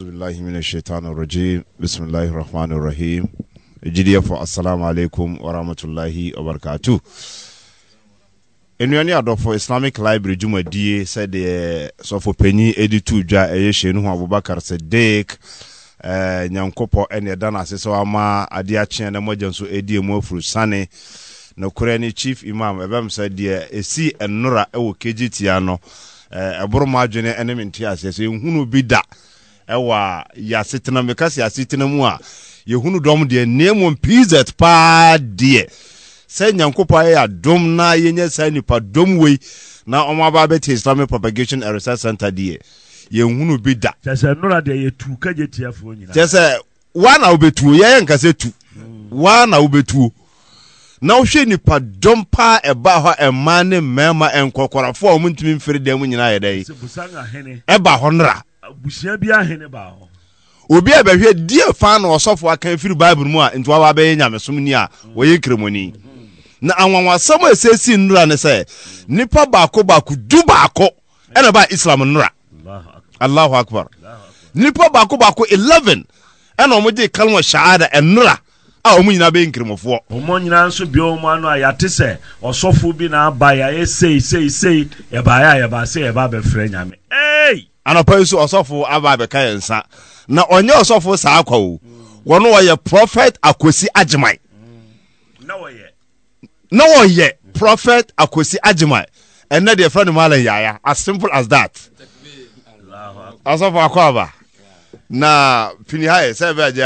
Bismillahi mina shaitanir rajim Bismillahir rahmanir rahim Ejidiya fo assalamu alaikum wa rahmatullahi wa barakatuh Enuya ni adofo Islamic Library dwumadie sɛdeɛ sɔfo panyin edi tu dwa ɛyɛ hyɛn no ho Abubakar Sadiq ɛɛ nyankopɔ ɛna ɛda n'ase sɛ wama adeɛ akyeɛ na mogya nso edi emu afuru sane nokorɛ ne chief imam ɛbɛm sɛ deɛ esi nnora ɛwɔ kegye tia no ɛɛ eh, ɛboro mu adwene ɛne me nte aseɛ sɛ ehunu bi da ɛwɔ yasetena mekasi yasetena mu a yɛhunu dɔm deɛ nemo pz paa deɛ sɛ nyankopɔn ayɛ adom na yɛnyɛ saa nipa dom wei na ɔmo aba abɛte islamic propagation and research center deɛ yehunu bi da kyɛ sɛ nora deɛ yɛtu tia tiafoɔ nyinaa kyɛ sɛ waa na wobɛtuo yɛyɛ nka tu waa na wobɛtuo na wohwɛ nipa dɔm paa ɛba hɔ ɛmaa ne mmarima nkɔkɔrafoɔ a ɔmo ntumi mfiri dan mu nyinaa yɛ dɛ ɛba hɔ nora busua bi ahene ba, hɔ obi a bɛhwɛ deɛ fa na ɔsɔfo aka firi bible mu a ntoa wa bɛyɛ nyamesom ni a mm. wɔyɛ kremoni na anwanwasɛm a ɛsɛsii nnora ne sɛ nnipa baako baako du baako ɛna ba islam nnora allahu akbar nipa baako baako eleven, ɛna ɔmogye kalma shahada ɛnora a wɔn nyinaa bɛyɛ nkramofoɔ. wɔn nyinaa nso bia wɔn ano a yate sɛ ɔsɔfo bi na aba yɛ ayɛ sei sei sei yɛba ayɛ a yɛba sɛ yɛba abɛfrɛ nyame. Hey! anɔpa yi so ɔsɔfo aba abɛka yɛ nsa na ɔnyɛ ɔsɔfo saa akwa o wɔn wɔyɛ prɔfɛt akosi agyeman na wɔyɛ prɔfɛt akosi agyeman ɛnɛ deɛ fɛn no mu alɛ yaya as simple as that ɔsɔfo akɔ aba na pini ha yɛ sɛ ɛbɛ agye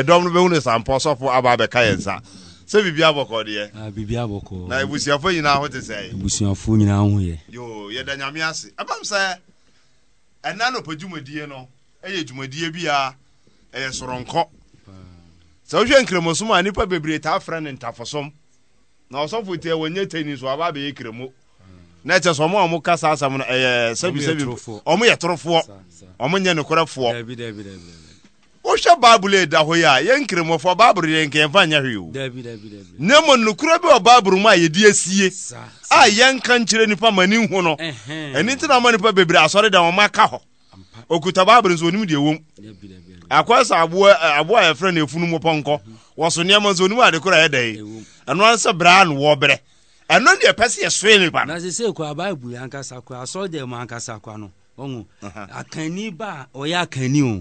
ɛdɔm no bɛhu ne sampɔ ɔsɔfo aba abɛka yɛ nsa sɛ biribi abɔkɔ deɛ biribi abɔkɔ na ebusuafo nyinaa ho te sɛ ebusuafo nyinaa ho yɛ yoo yɛda nyame ase ɛbam sɛ ɛna nɔpɛ dwumadie no ɛyɛ dwumadie bi a ɛyɛ soronko hmm. sɛ wohwɛ nkremosom a nipa bebree taa frɛ ne ntafosom na ɔsɔfo tiɛ wɔnyɛ tɛni so aba bɛyɛ kremo hmm. na ɛkyɛ sɛ ɔmo a ɔmo ka saa asɛm no ɛyɛ sɛbisɛbi ɔmo yɛ torofoɔ ɔmo nyɛ nokorɛfoɔ wohwɛ bible da hɔ yi a yɛn nkremɔfoɔ bible yɛ nkɛmfa nyɛ hwee o na mmom nokorɛ bi wɔ bible mu a yɛde asie a yɛnka nkyerɛ nnipa ma ni nhu no ɛno nti na ma nnipa bebree asɔre da wɔma ka hɔ okuta bible nso onim deɛ wɔm akɔɛ sɛ aboa a yɛfrɛ no ɛfunu mu pɔnkɔ wɔso nneɛma nso onim ade korɔ ɛda yi ɛno ara sɛ braa no wɔbrɛ ɛno deɛ ɛpɛ sɛ yɛsoe nnipa no ɔŋu akanni ọya ɔyɛ akanni o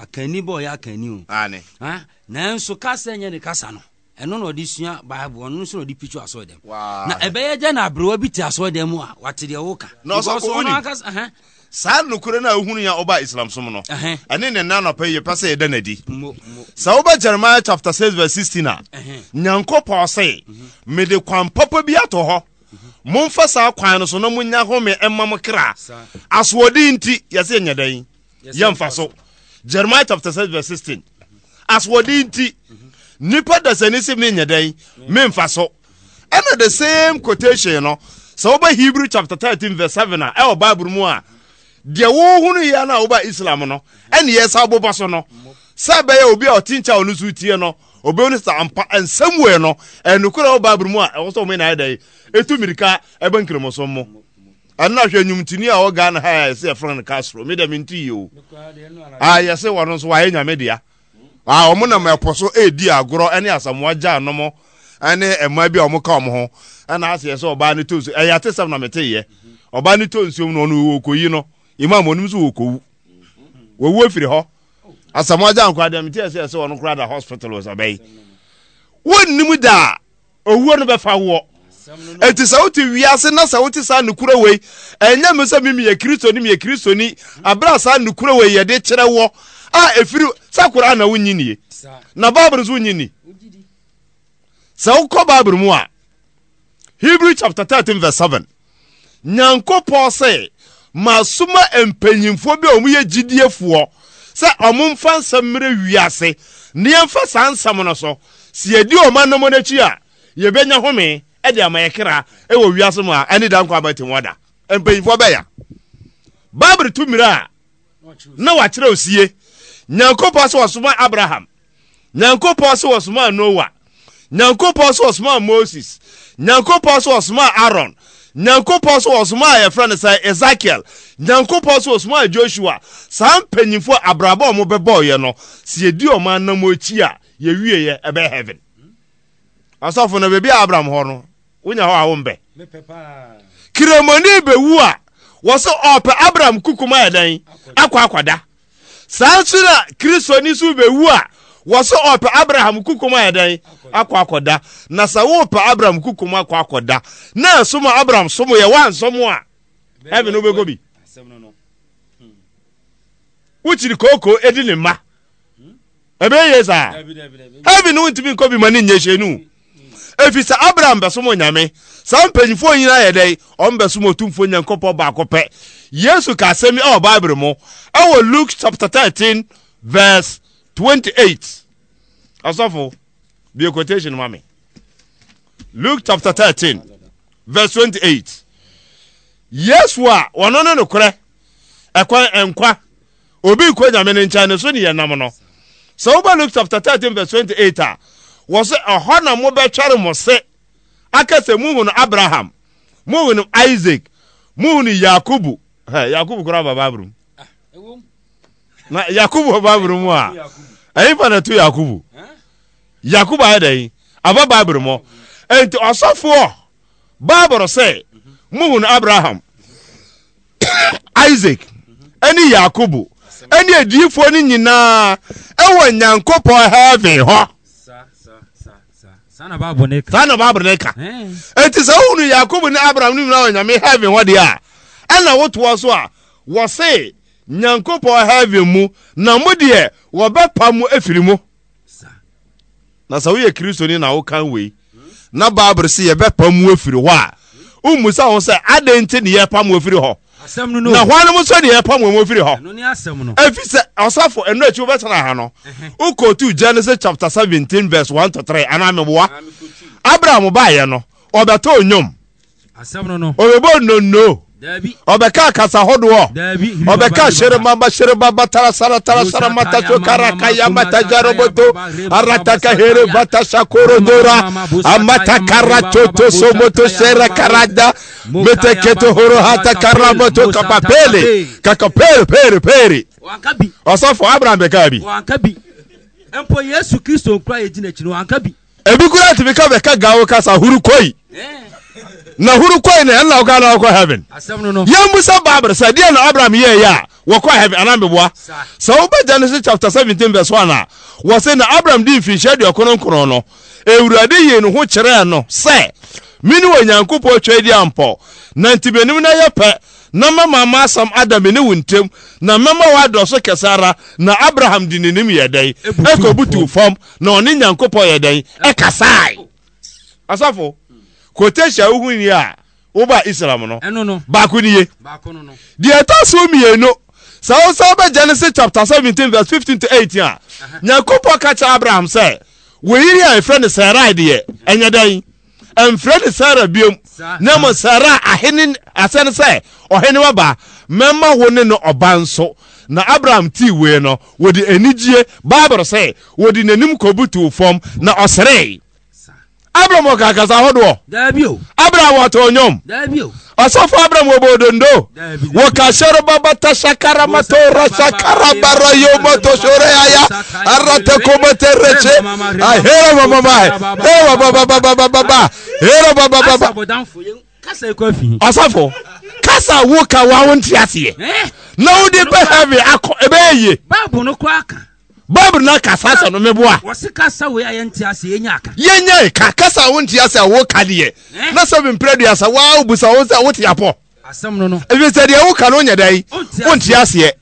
akanni ba ɔyɛ akanni o ah, nanso kasa ne kasa no ɛno na ɔde sua bible ɔno nso na ɔde picture asɔ dɛm na ɛbɛyɛ gya na aberewa bi te asɔ dɛm a wate deɛ saa ya ɔba islam som no ɛne ne nna nɔpɛ yɛpɛ sɛ yɛda nadi sɛ woba chapter 6 verse 16 a nyankopɔn mhm. mede kwan papa bi atɔ hɔ momfa saa kwan no so na monya home ɛma mo kra asoɔden nti yɛsɛ yɛnyɛ dɛn yɛmfa so jeremiah chapter 6 verse 16 asoɔden nti nipa dasani sɛ menyɛ dɛn memfa so ɛna the same quotation no sɛ woba hebrew chapter 13 verse 7 a ɛwɔ bible mu a deɛ wohunu yia no a woba islam no ɛne yɛsa boba so no sɛ ɛbɛyɛ obi a ɔte nkyɛ no so tie no obɛhu no sɛ nọ ɛnsɛm no ɛnokora bible mu a ɛwɔ sɛ wɔmɛ dɛ ɛtu mmirika ɛbɛ nkremosom mo ɛno hwɛ nwumtini a wɔga no ha ɛsɛ yɛfrɛ no castro medɛ a yɛse wɔ no nso wɔayɛ nyame a ɔmo nam ɛpɔ so agorɔ asamoa gya nom ɛma bi a ɔmo ka ɔmo ho ɛna aseɛ sɛ ɔbaa no nsuo ɛyɛ ate sɛm na ɔbaa no nsuo mu na ɔno no imam wɔwu afiri hɔ asamoagya nkwa dɛm ti ɛsɛ ɛsɛ wɔn kora da hospital wɔ sɛbɛyi wɔnnim da owuo no bɛfa woɔ eti sɛ wote wiase na sɛ wote saa nukura wei ɛnyɛ mi sɛ mi mi yɛ kristoni mi yɛ kristoni abira saa nukura wei yɛde kyerɛ wɔ a efiri sakura na wonyi nie na baabul nso wonyi ni sɛ wokɔ mu a hebrew chapter thirteen verse seven nyankopɔn sɛ maa suma mpanyinfoɔ bi a wɔn yɛ gyidiefoɔ. sɛ ɔmomfa nsɛm mmerɛ wiase na nfa saa nsɛm no so sɛ yɛdi ɔma nom no akyi a yɛbɛnya home de ama yɛ kra wɔ wiase mu a ɛne da nkɔ abatim wɔda mpanyimfoɔ bɛya bible tu mmirɛ a na wakyerɛ osie nyankopɔn sɛ wɔsoma abraham nyankopɔn sɛ wɔsomaa noa nyankopɔn sɛ wɔsomaa moses nyankopɔn sɛ wɔsomaa aaron nyankopɔn so wɔ soma a yɛfrɛ no sɛ ezekiel nyankopɔn so wɔ soma a joshua saa mpanyimfoɔ abrabɔ a ɔmo bɛbɔɔyɛ no sɛ yɛdi ɔmo anam akyi a yɛwieɛ ɛbɛ heaven asɔfo no bebi a abraham hɔ no wonya hɔ a wombɛ kiremoni bɛwu a wɔ sɛ ɔpɛ abraham kukum a ɛdɛn akɔ akɔda saa nso na kristoni so bɛwu a wɔ so oh, ɔpɛ abraham kukum ayɛ dɛn akɔ akɔda na sɛ wopɛ oh, abraham kukum akɔ akɔda na ɛsom a abraham som yɛ woansɔm a ɛme no wobɛkɔ bi hmm. wokyiri kookoo ɛdi ne mma hmm? ɛbɛyɛ saa ɛbi no wontumi nkɔ bi ma ne nyɛ no ɛfiri hmm. sɛ abraham bɛsom nyame saa mpanyimfoɔ nyinaa yɛ dɛn ɔmbɛsom ɔtumfoɔ nyankopɔn baako pɛ yesu ka asɛm a ɔwɔ oh, bible mu ɛwɔ luke chapter 13 verse 28 asɔfo a quotation ma me luke chapter 13 verse 28 yesu a wɔno ne nokorɛ ɛkwan ɛnkwa obi kɔ nyame ne nkyɛn ne so ne yɛ nam no sɛ woba luke chapter 13 verse 28 a wɔ sɛ ɛhɔ na mobɛtwɛre mo se aka sɛ muhunu abraham muhunu isaac muhunu yakobo yakobo koraa bababrom na yakubu baabul mu a ɛyi fa na tu yakubu yakubu ayɛ dɛ aba baabul mu nti ɔsɔfoɔ baabul sɛ mhm. muhun abraham isaac mhm. ɛne yakubu ɛne adiyifoɔ no nyinaa ɛwɔ nyankopɔn heaven hɔ saa na baabul ne ka nti sɛ wohunu yakubu ne abraham no nyinaa wɔ nyame heaven hɔ deɛ a ɛna wotoɔ so a wɔse nyankopɔn heaven mu na mo deɛ wɔbɛpa mo afiri mu na sɛ woyɛ kristoni na wokan wei na bible sɛ yɛbɛpa mu afiri hɔ a womu sa ho sɛ adɛn nti ne yɛpa mo afiri hɔ na hwanom nso ne yɛpa mo afiri hɔ ɛfiri sɛ ɔsafo ɛno akyi wobɛtena ha no wokɔtu genesis chapter 17 verse 1 to 3 anaa meboa abraham baeɛ no ɔbɛtɔ nnwom ɔbɛbɔ nnono ɔbɛka akasa hodoɔ ɔbɛka seremaba serebaba tarasara tarasara mataso karakaya matajaroboto arataka here vatasakorodora amatakaracoto somoto sera karada meteketo horohata karamoto kapapele kaka pere pere pere ɔsɔfo abraham bɛka bi mpo yesu kristo nkura yɛ gyina akyi no wanka bi ebi kura tìmí ká bɛka gawo kasa huru Yeah na huru kɔe ina ɛna ɔka na ɔkɔ heaven yɛmbusa bible sɛ deɛ na abraham yɛɛyɛ a wɔkɔ heaven anaa mbɛboa sɛ wobɛ genesis chapter seventeen verse 1 a wɔ se na abraham de mfirinhyia aduɔkono nkron no awurade yie ne ho kyerɛɛ no sɛ mene wɔ nyankopɔn twa di ampɔ na nti m'anim no yɛ pɛ na mɛma ma asɛm ada me ne wo ntam na mɛma woadɔ so kɛse ara na abraham di nenim yɛ dɛn ɛkɔbutuu e e fam na ɔne nyankopɔn yɛ dɛn ɛkasae e asafo quotation ahuhu ni a woba islam no ɛno no baako ni ye baako no no deɛ ɛtɔ so mmienu sɛ wosan genesis chapter seventeen verse fifteen to eighteen a nyankopɔn ka kyerɛ abraham sɛ wɔyiri a efrɛ ne sarai deɛ ɛnyɛ dɛn ɛnfrɛ ne sara biom na mo sara ahene asɛn sɛ ɔhene waba mɛma wo ne no ɔba nso na abraham tii wei no wɔde anigye baabul sɛ wɔde n'anim kɔbutu fam na ɔseree abraham ɔkakasa ahodoɔ abraham ɔtɔ onyom ɔsɔfo abraham wɔ bodondo wɔkahyɛro babata sakaramato rasakarabarɔ yomoto soreaya aratekomote reche ahero mamama ewa babababababa hero babababa ɔsɔfo kasa wo ka wa wo nte aseɛ eh? na wode bɛ heaven akɔ ɛbɛyɛ yie bible na kasa sɛ no meboa wɔse kasa wei ka kasa a wonte ase woka deɛ eh? na sɛ mempirɛ duasa waa wobusa wo sɛ wote apɔ no no ɛfiri sɛ deɛ woka no wonyɛ da yi aseɛ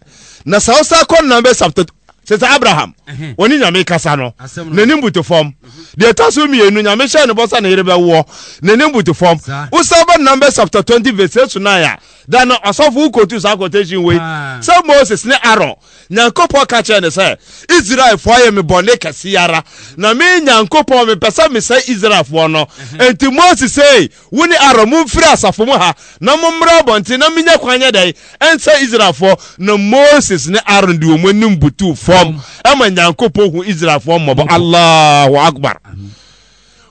na sɛ wo sa kɔ nnam bɛ sɛsɛ abraham ɔne nyame kasa no n'anim butu fam mhm. deɛ ɛtɔ so mmienu nyame hyɛ ne bɔ sa ne yere bɛwoɔ n'anim butu fam wo sa bɛ nnam bɛ sapta 20 vs 9 a then ɔsɔfo wokotu saa quotation wei ah. sɛ moses ne aron nyankopɔn ka kyerɛ ne sɛ israelfoɔ ayɛ mebɔne kɛse ara na me nyankopɔn mepɛ sɛ mesɛ israelfoɔ no enti moses sei wo ne aron momfiri asafo mu ha na mommra abɔnten na menya kwan nyɛ dɛn ɛnsɛ israelfoɔ na moses ne aron de ɔmu anim butuu fam ɛma nyankopɔn hu israelfoɔ mmɔbɔ allahu akbar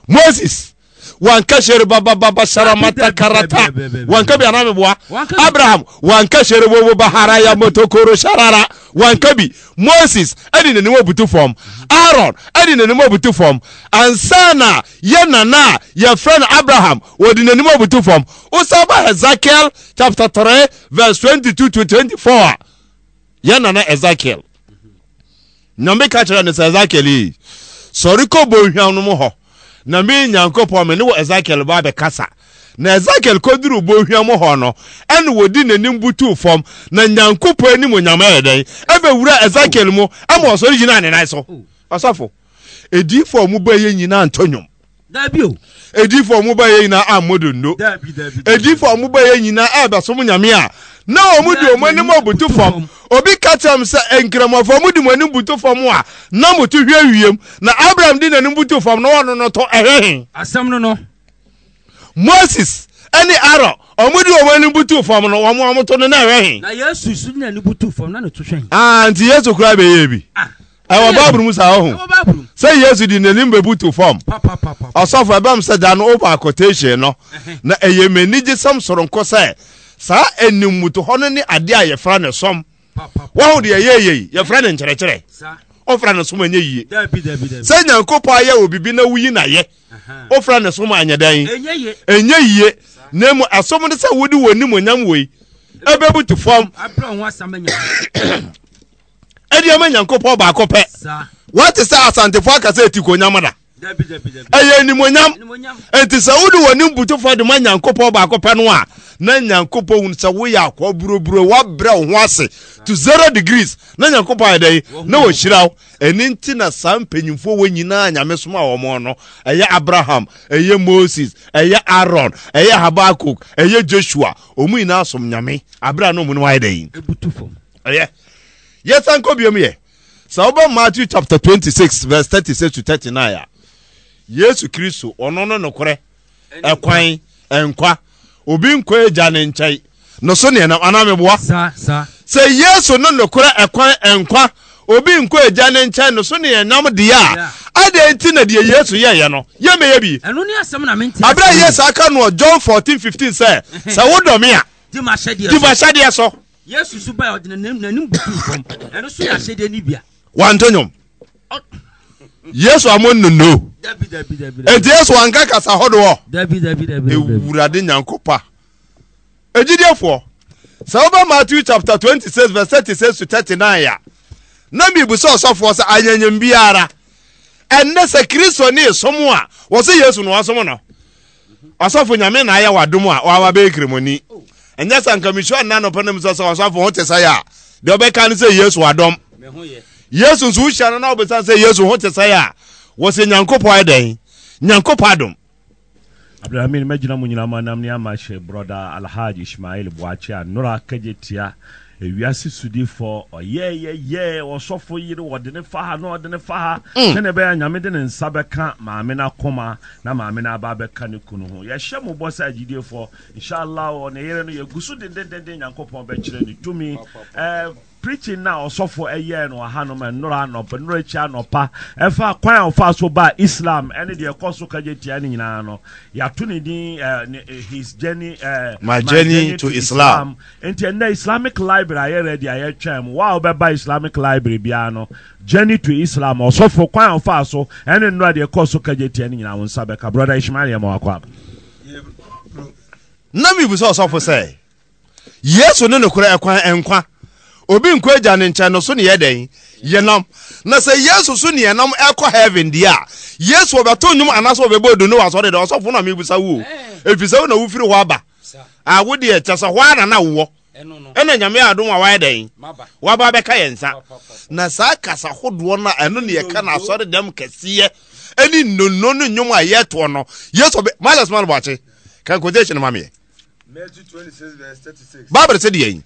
moses wanka shere babababa saramata karata wanka bi anami bua abraham wanka shere bobo bahara ya motokoro sharara wanka bi moses ɛde n'anim abutu fam aaron ɛde n'anim abutu fam ansana yɛ nana yɛfrɛ no abraham wɔde n'anim abutu fam Usaba ezekiel chapter three verse twenty two to twenty four a yɛ nana ezekiel nyame ka kyerɛ no sɛ ezekiel yi sɔre kɔ bɔnhwa no mu hɔ na me nyankopɔn me ne wɔ ezekiel ba bɛkasa na ezekiel koduru bohwia mu hɔ no ɛna wɔdi n'anim butu fam na nyankopɔn anim nyama yɛ dɛn ɛbɛwura ezekiel mu ama ɔsɔre gyina ne nan so ɔsɔfo ediifoɔ mu bɛyɛ nyinaa ntɔ nnwom dabio edifo ɔmo bɛyɛ nyinaa ammɔ dondo edifo ɔmo bɛyɛ nyinaa ɛbɛsom nyame a na ɔmo de ɔmo anim abutu fam obi ka kyerɛ m sɛ nkramofoɔ mo de mo anim butu fam a na mo to hwɛ wiem na abraham de n'anim butu fam na wɔno no tɔ ɛhehe asɛm no no moses ɛne aaron ɔmo de ɔmo anim butu fam no ɔmo ɔmo to no na ɛhɛhe na yesu su de n'anim butu fam na ne to hwɛn nti yesu koraa bɛyɛ bi ah. ɛwɔ bible mu saa ɔho sɛ yesu de n'anim bɛbutu fam ɔsɔfo ɛbɛm sɛ da no wobɔ akɔtɛhyie no na ɛyɛ m'anigye sɛm soronko sɛ saa animmuto hɔ no ne adeɛ a yɛfra ne som wɔho deɛ ɛyɛyei yɛfrɛ ne nkyerɛkyerɛ ɔfra ne som anyɛ yie sɛ nyankopɔn ayɛ wɔ biribi na woyi nayɛ ɔfra ne som anyɛ dan ɛnyɛ yie na mu ɛsom no sɛ wode wɔ nimonyam wei ɛbɛbutu fam ɛde ɛma nyankopɔn baako pɛ wate sɛ asantefoɔ aka sɛ ɛti konyam da ɛyɛ animonyam enti sɛ wode w'anim butufoɔ de ma nyankopɔn baako pɛ no a na nyankopɔn hu sɛ woyɛ akɔ buroburo woabrɛ wo ho ase to zero degrees na nyankopɔn ayɛ dɛn na wɔhyira wo ɛno nti na saa mpanyimfoɔ wɔ nyinaa nyame soma wɔ no ɛyɛ abraham ɛyɛ moses ɛyɛ aaron ɛyɛ habakuk ɛyɛ joshua ɔmu nyinaa som nyame abrɛ a na ɔmu no wayɛ dɛn ɛyɛ yɛsan kɔ biom yɛ sɛ wobɛ matthew chapter 26 verse 36 to 39 a yesu kristo ɔno no nokorɛ ɛkwan ɛnkwa obi nkɔ agya ne nkyɛn no so neɛ nam anaa meboa sɛ yesu no nokorɛ ɛkwan ɛnkwa obi nkɔ agya ne nkyɛn no so neɛ nam deɛ a adɛn nti na deɛ yesu yɛyɛ no yɛmɛyɛ bi aberɛ a yesu aka noɔ john 14 15 sɛ sɛ wodɔ me a di mahyɛdeɛ so yesu so baa ɔde n'anim butuu fam ɛno so yɛ ahyɛdeɛ no bia wante nwom yesu amo nono eti yesu wanka kasa hodoɔ ewurade nyankopa egyidiefo sɛ wobɛ matthew chapter twenty six verse thirty six to thirty nine ya na mibisa ɔsɔfoɔ sɛ anyanyam biara ɛnɛ sɛ kristo ne som a wɔsɛ yesu na wasom no ɔsɔfo nyame na ayɛ wadom a wawa bɛyɛ kremoni ɛnyɛ sɛ nka mehyia nna nɔpɛ no m sɛ sɛ ɔsɔfo ho te sɛe a deɛ ɔbɛka ne sɛ yesu adɔm yesu nso wohyia no na wobɛsa sɛ yesu ho te sɛe a wɔsɛ nyankopɔn ɛdɛn nyankopɔn adom abdulhamid mɛgyina oh, mm. mu nyinaa manam ne ama hyɛ brɔda alhaj ismail boakye a nora kagye tia ewiase sudifo ɔyɛyɛyɛ ɔsɔfo yere wɔde ne fa ha na ɔde ne fa ha sɛne ɛbɛyɛ nyame de ne nsa bɛka maame no akoma na maame no aba bɛka ne kunu ho yɛhyɛ mo bɔ sɛ agyidiefoɔ inshallah ɔ ne yere no yɛgu so dendendenden nyankopɔn bɛkyerɛ ne tumi preaching na ɔsɔfo ɛyɛ no ahanom nnora anɔpa nnora akyi anɔpa ɛfa kwan a ɔfa so ba islam ɛne deɛ ɛkɔ so kagye tia ne nyinaa no yɛato ne din eh, eh, his journey uh, my, journey, to islam nti ɛnɛ islamic library ayɛ ready ayɛtwɛn mu wa a wobɛba islamic library biara no journey to islam ɔsɔfo kwan a ɔfa so ɛne nnora deɛ ɛkɔ so kagye tia ne nyinaa wo nsa bɛka brother ishmael yɛ ma wakɔ a na mebisa ɔsɔfo sɛ yesu ne nokorɛ ɛkwan ɛnkwa obi nko agya ne nkyɛn no so ne yɛ dɛn yɛnam na sɛ yesu so ne yɛnam ɛkɔ heaven deɛ a yesu ɔbɛto nnwom anaasɛ ɔbɛbɔ odu ne wasɔ de ɔsɔfo na mebusa wo ɛfiri sɛ wo na wofiri hɔ aba a wodeɛ kyɛ sɛ hɔ ara na wowɔ ɛna nyame adom a wayɛ dɛn waba bɛka yɛ nsa na saa kasa hodoɔ no a ɛno ne yɛka no asɔre dɛm kɛseɛ ɛne nnono no nnwom a yɛtoɔ no yesu ɔbɛ malas ma no bɔakye kan quotation ma meɛ bible sɛ yi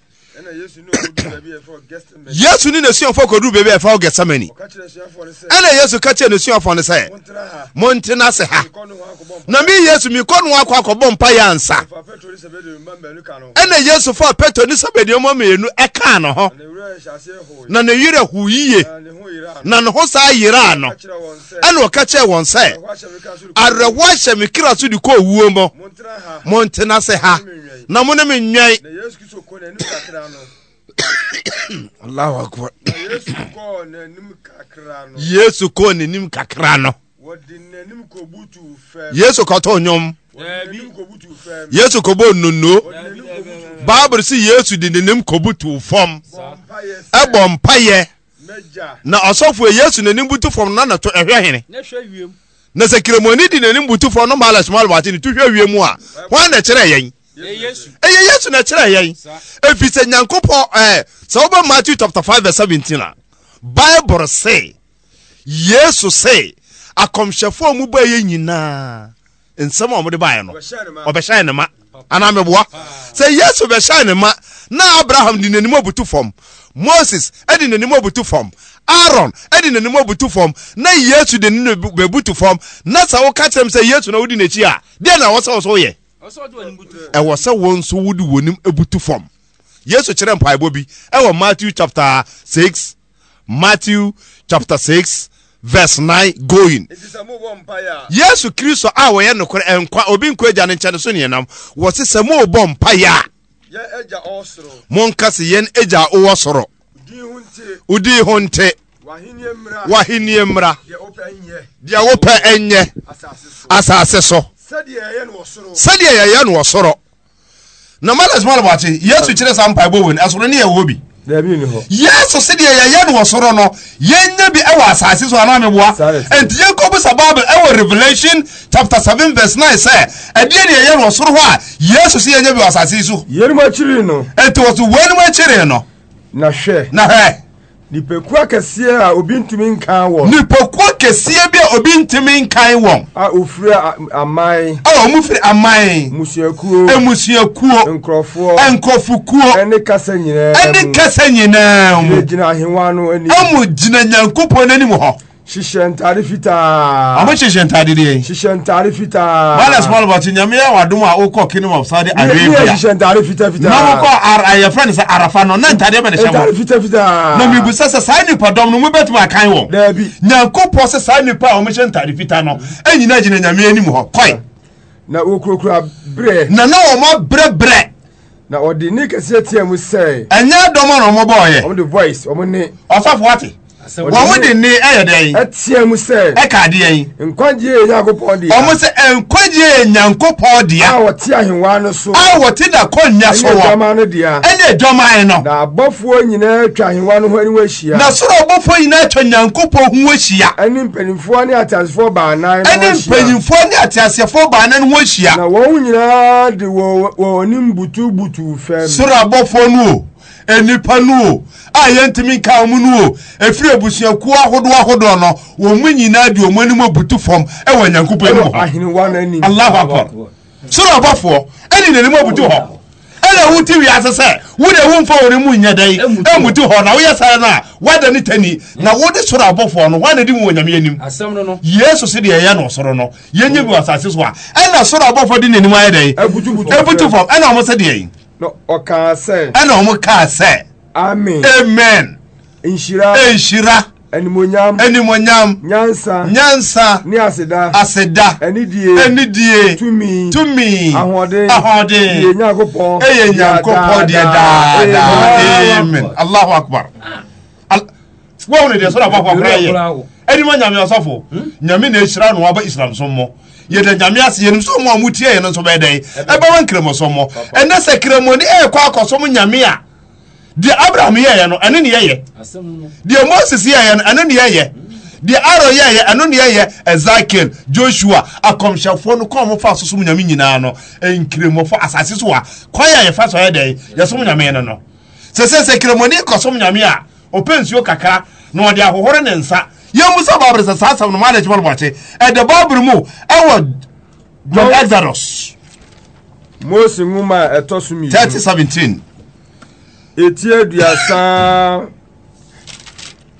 yesu ne nasuafoɔ kɔduru baabi a ɛfa wɔ getsemane ɛna yesu ka kyerɛ nasuafoɔ no sɛ montena ase ha na me yesu mekɔ no akɔ akɔbɔ mpa yɛ ansa ɛna yesu faa petro ne sabadiɔma mmienu ɛkaa no ho na ne werɛ hoo yiye na ne ho saa yeraa no ɛna ɔka kyerɛ wɔn sɛ awerɛhoɔ ahyɛ me kra so de kɔ owuo mɔ montena ase ha na mo ne me nnwae allahu akbar yesu kɔɔ n'anim kakra no yesu kɔtɔ nnwom yesu kɔbɔ nnono baabul si yesu de n'anim kɔbutu fam ɛbɔ mpayɛ na ɔsɔfo yesu n'anim butu fam na nato ɛhwɛ hene na sɛ kiremoni de n'anim butu fam no ma alasuma alwate ne tu hwɛ wiem a wɔn na kyerɛ yɛn ɛyɛ yesu na kyerɛ yɛn ɛfiri sɛ nyankopɔn ɛɛ sɛ wobɛ matthew chapter five verse seventeen a bible se yesu se akɔmhyɛfoɔ a mu bɔ yɛ nyinaa nsɛm a wɔde baeɛ no ɔbɛhyɛn ne ma anaa meboa sɛ yesu bɛhyɛn ne ma na abraham de n'anim abutu fam moses de n'anim abutu fam aaron de n'anim abutu fam na yesu de n'anim abutu fam na sɛ woka kyerɛm sɛ yesu na wodi n'akyi a deɛ na wɔsɛ wɔ so woyɛ ɛwɔ sɛ wɔn nso wode wɔnim ebutu fam yesu kyerɛ mpaebɔ bi ɛwɔ matthew chapter six matthew chapter six verse nine going yesu kristo a wɔyɛ nokorɛ nkwa obi nkɔ agya ne nkyɛn so neɛnam wɔte sɛ moobɔ mpaeɛ a monka se yɛn agya a wowɔ soro wodii ho nte wahenniɛ mmara deɛ wopɛ ɛnyɛ asase so sɛdeɛ yɛyɛ no wɔ soro na mada small bɔakye yesu kyerɛ saa mpaebɔ wɔ ni ɛsoro ne yɛwɔ bi yesu sɛdeɛ yɛyɛ no wɔ soro no yɛnya bi ɛwɔ asase so anaa meboa ɛnti yɛnkɔ bisa bible ɛwɔ revelation chapter seven verse nine sɛ ɛdeɛ ne yɛyɛ no wɔ soro hɔ a yesu sɛ yɛnya bi wɔ asase yi so ɛnti wɔso wɔanom akyiri no na hwɛ nipakuo kɛseɛ a obi ntumi nkan wɔn. nipakuo kɛseɛ bi a obi ntumi nkan wɔn. a ofura aman. a wɔn firi aman. musuakuo. emusuakuo. nkurɔfoɔ. nkurɔfokuo. ɛne kasa nyinaa mu. ɛne kasa nyinaa mu. gyina no anim. ɛmu gyina nyankopɔn n'anim hɔ hyehyɛ ntaade fitaa. ɔmo hyehyɛ ntaade de yɛ. hyehyɛ ntaade fitaa. wale small but nyame yɛ wa dum a okɔ kingdom of saudi arabia. ne yɛ hyehyɛ ntaade fitaa fitaa. na mo kɔ ara yɛ fɛn sɛ arafa nɔ na ntaade bɛ ne hyɛ mo. ntaade fitaa fitaa. na mi bu sɛsɛ saa nipa dɔm no mo bɛ tuma kan wɔ. dɛbi. nyanko pɔ sɛ saa nipa a ɔmo hyɛ ntaade fitaa no ɛnyina gyina nyame anim hɔ kɔi. na wokurokura brɛ. na na wɔn brɛbrɛ na ɔde ne kɛseɛ teɛ mu sɛ. ɛnyɛ dɔm a na ɔmo voice ɔmo ne. ɔsɔfo wate wɔn mo de ne ɛyɛ dɛ yi. ɛtiɛ mu sɛ. ɛka adeɛ yi. nkwagye yɛ nyankopɔn deɛ. ɔmo sɛ nkwagye yɛ nyankopɔn deɛ. a wɔte ahengua no so. a wɔte da kɔnya so wɔ. no deɛ. ɛne dɔman no. na nyinaa atwa ahengua no ho aniwa ahyia. na soro abɔfoɔ nyinaa atwa nyankopɔn ho ahyia. ɛne mpanyinfoɔ ne ateasefoɔ baanan ɛne mpanyinfoɔ ne ateasefoɔ baanan ho ahyia. na wɔn nyinaa de wɔ anim butubutu fɛm. soro abɔfoɔ no o. Eh, nipa no o a yɛntumi nka mu no o ɛfiri abusuakuo ahodoɔ ahodoɔ no wɔn mu nyinaa de wɔn anim abutu fam ɛwɔ nyankopɔn anim hɔ allahu akbar soro ɔbɔfoɔ ɛne n'anim abutu hɔ ɛna wo ti wiase sɛ wo de wo nfa wo mu nyɛ dɛ ɛmutu hɔ na woyɛ saa no wada ne tani na wode soro abɔfoɔ no wane di mu wɔ nyame anim yesu se deɛ ɛyɛ no ɔsoro no yɛnyɛ bi wɔ asase so a ɛna soro abɔfoɔ de n'anim ayɛ dɛ ɛbutu fam ɛna ɔmo sɛ deɛ yi na ɔkaa sɛ ɛna ɔmo kaa sɛ amen amen nhyira nhyira animonyam animonyam nyansa nyansa ne aseda aseda anidie anidie tumi tumi ahoɔden ahoɔden eye nyankopɔn eye nyankopɔn deɛ daadaa amen allahu akbar wɔn ne deɛ sɔrɔ abɔ akɔkora yɛ ɛni ma Nyami asɔfo nyame na ehyira no waba islam so yɛda nyame ase yɛnim sɛ ɔmo a motie yɛ no nso bɛyɛ dɛn ɛbɛwa nkrɛmɔsɔmmɔ ɛnɛ sɛ krɛmɔni ɛɛkɔ akɔsɔm nyame a deɛ abraham yɛyɛ no ɛno ne yɛyɛ deɛ moses yɛyɛ no ɛno ne yɛyɛ deɛ aro yɛyɛ ɛno ne yɛyɛ ezekiel joshua akɔmhyɛfoɔ no kɔn mo fa sosom nyame nyinaa no nkrɛmɔfo asase so a kwan a yɛfa so yɛ dɛn yɛsom nyame no no sɛ sɛ sɛ krɛmɔni kɔsom nyame a ɔpɛ nsuo kakra na ɔde ahohore ne nsa yɛmu sɛ baabere sɛ saa asɛm no maade kyima lobɔkye ɛda baabere mu ɛwɔ john exodus mose nwoma a ɛtɔ so mmienu thirty seventeen aduasa